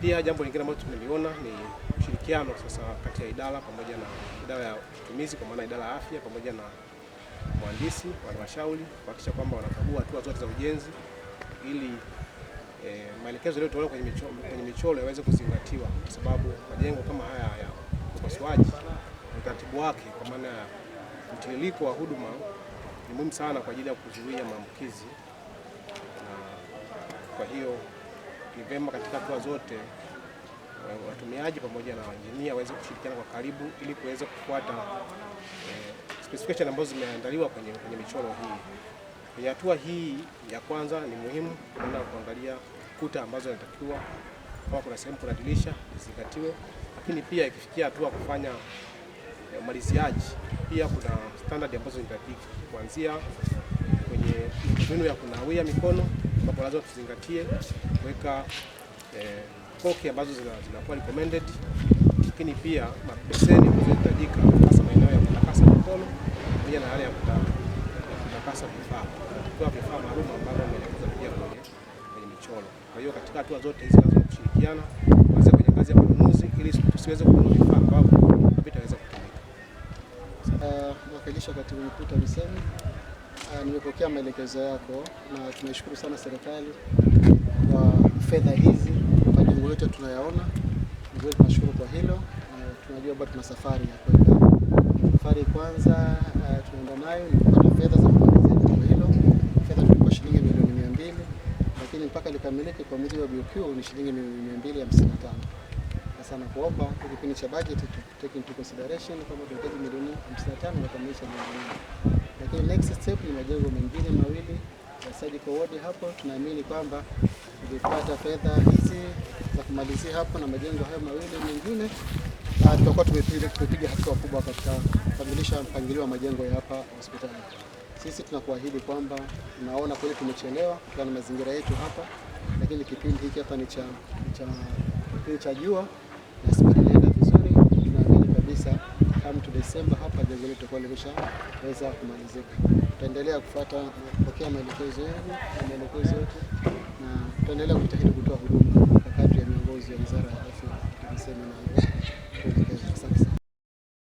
Pia jambo lingine ambalo tumeliona ni ushirikiano sasa kati ya idara pamoja na idara ya utumizi kwa maana idara ya afya pamoja na mhandisi wa halmashauri kuhakikisha kwamba wanakagua hatua zote za ujenzi ili e, maelekezo yaliyotolewa kwenye michoro, kwenye michoro yaweze kuzingatiwa, kwa sababu majengo kama haya ya upasuaji utaratibu wake kwa maana ya mtiririko wa huduma ni muhimu sana kwa ajili ya kuzuia maambukizi na kwa hiyo ni vyema katika hatua zote eh, watumiaji pamoja na wainjinia waweze kushirikiana kwa karibu ili kuweza kufuata eh, specification ambazo zimeandaliwa kwenye, kwenye michoro hii. Kwenye hatua hii ya kwanza ni muhimu kwenda kuangalia kuta ambazo zinatakiwa, kama kuna sehemu kuna dirisha zizingatiwe, lakini pia ikifikia hatua kufanya eh, umaliziaji maliziaji pia kuna standard ambazo zinatakiwa kuanzia kwenye mbinu ya kunawia mikono ambapo lazima tuzingatie kuweka eh, koki ambazo zinakuwa recommended, lakini pia mabeseni zinahitajika hasa maeneo ya kutakasa mikono pamoja na yale ya kutakasa vifaa, kutoa vifaa maalum ambavyo ameelekeza pia kwenye michoro. Kwa hiyo katika hatua zote hizi lazima kushirikiana kuanzia kwenye ngazi ya manunuzi ili tusiweze kununua vifaa ambavyo havitaweza kutumika. Uh, mwakilishi wakati mkuu TAMISEMI Ah, nimepokea maelekezo yako na tunashukuru sana serikali kwa fedha hizi, majengo yote tunayaona vizuri, tunashukuru kwa hilo. Tunajua bado tuna safari ya kwenda. Safari kwanza eh, tunaenda nayo ni kupata fedha za jengo hilo. Fedha tulikuwa shilingi milioni mia mbili lakini mpaka likamilike kwa mujibu wa BOQ ni shilingi milioni mia mbili hamsini na tano sana kuomba kwa kipindi cha budget take into consideration kwamba tunahitaji milioni 55 na kukamilisha jengo hili. Lakini next step ni majengo mengine mawili ya Surgical Ward. Hapo tunaamini kwamba tukipata fedha hizi za kumalizia hapo na majengo hayo mawili mengine, ah, tutakuwa tumepiga hatua kubwa katika kukamilisha mpangilio wa majengo ya hapa hospitali. Sisi tunakuahidi kwamba tunaona kweli tumechelewa kutokana na mazingira yetu hapa, lakini kipindi hiki hapa ni cha cha cha jua Desemba hapa jambo hili litakuwa limeshaweza kumalizika. Tutaendelea kufuata kupokea maelekezo yenu na maelekezo yote na tutaendelea kujitahidi kutoa huduma kadri ya